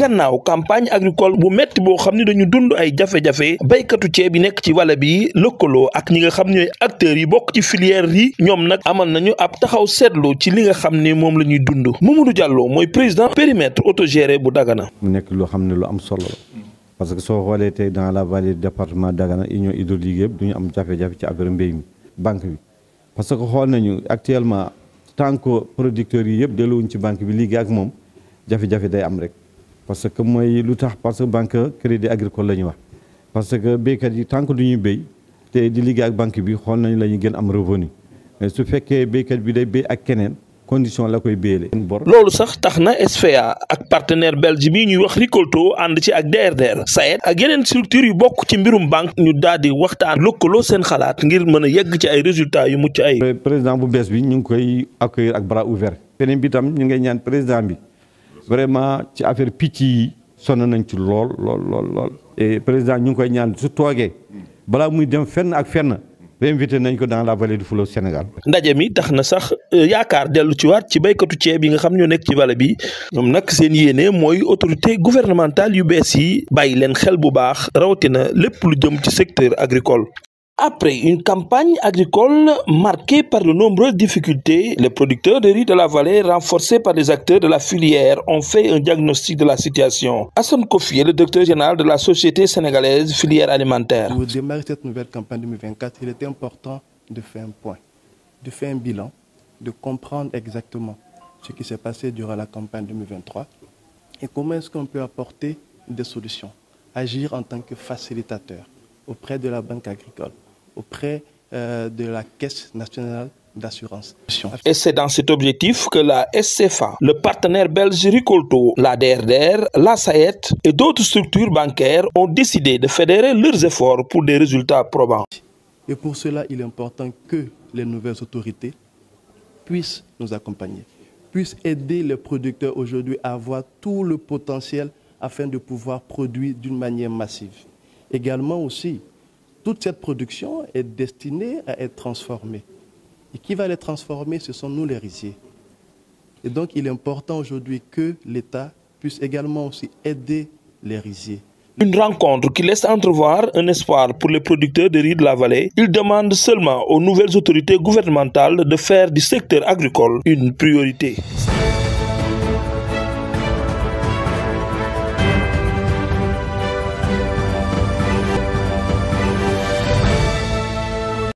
gannaaw campagne agricole bu metti boo xam ne dañu dund ay jafe-jafe baykatu ceeb yi nekk ci wala bi lëkkaloo ak ñi nga xam ne acteurs yi bokk ci filière yi ñoom nag amal nañu ab taxaw seetlu ci li nga xam ne moom la ñuy dund Mamadou Diallo mooy président périmètre autogéré bu Dagana. mu nekk loo xam ne lu am solo la. parce que soo xoolee tey dans la vallée département Dagana union hydraulique yëpp du am jafe-jafe ci affaire mbéy mi banque bi parce que xool nañu actuellement tant que producteurs yi yëpp delluwuñ ci banque bi liggéey ak moom jafe-jafe day am rek parce que mooy lu tax parce que banque crédit agricole la ñuy wax parce que béykat yi tant que du béy te di liggéey ak banque bi xool nañu la ñuy gën am revenu su fekkee béykat bi day béy ak keneen condition la koy béyalee. loolu sax tax na SFA ak partenaire belge bi ñuy wax Ricolto ànd ci ak DRDR SAED ak geneen structure yu bokk ci mbirum banque ñu daal di waxtaan lëkkaloo seen xalaat ngir mën a yegg ci ay résultats yu mucc ay président bu bees bi ñu ngi koy accueillir ak bras ouvert beneen bi tam ñu ngay ñaan président bi. vraiment ci affaire picc sonna nañ ci lol lol lol lool. et président ñu koy ñaan su togué bala muy dem fenn ak fenn. réinvité nañ ko dans la vallée du fleuve Sénégal. ndaje mi taxna sax euh, yaakar delu ci wat ci baykatu ci bi nga xam ñu nek ci vallée bi ñom nak seen yene moy autorité gouvernementale yu bees yi bàyyi leen xel bu baax rawti na lepp lu jëm ci secteur agricole. Après une campagne agricole marquée par de nombreuses difficultés, les producteurs de riz de la vallée, renforcés par des acteurs de la filière, ont fait un diagnostic de la situation. Hassan Kofi est le docteur général de la Société sénégalaise filière alimentaire. Pour démarrer cette nouvelle campagne 2024, il était important de faire un point, de faire un bilan, de comprendre exactement ce qui s'est passé durant la campagne 2023 et comment est-ce qu'on peut apporter des solutions, agir en tant que facilitateur auprès de la banque agricole, auprès euh, de la Caisse nationale d'assurance. Et c'est dans cet objectif que la SCFA, le partenaire belge Ricolto, la DRDR, la SAET et d'autres structures bancaires ont décidé de fédérer leurs efforts pour des résultats probants. Et pour cela, il est important que les nouvelles autorités puissent nous accompagner, puissent aider les producteurs aujourd'hui à avoir tout le potentiel afin de pouvoir produire d'une manière massive. Également aussi, toute cette production est destinée à être transformée. Et qui va les transformer, ce sont nous les riziers. Et donc il est important aujourd'hui que l'État puisse également aussi aider les riziers. Une rencontre qui laisse entrevoir un espoir pour les producteurs de riz de la vallée. Il demande seulement aux nouvelles autorités gouvernementales de faire du secteur agricole une priorité.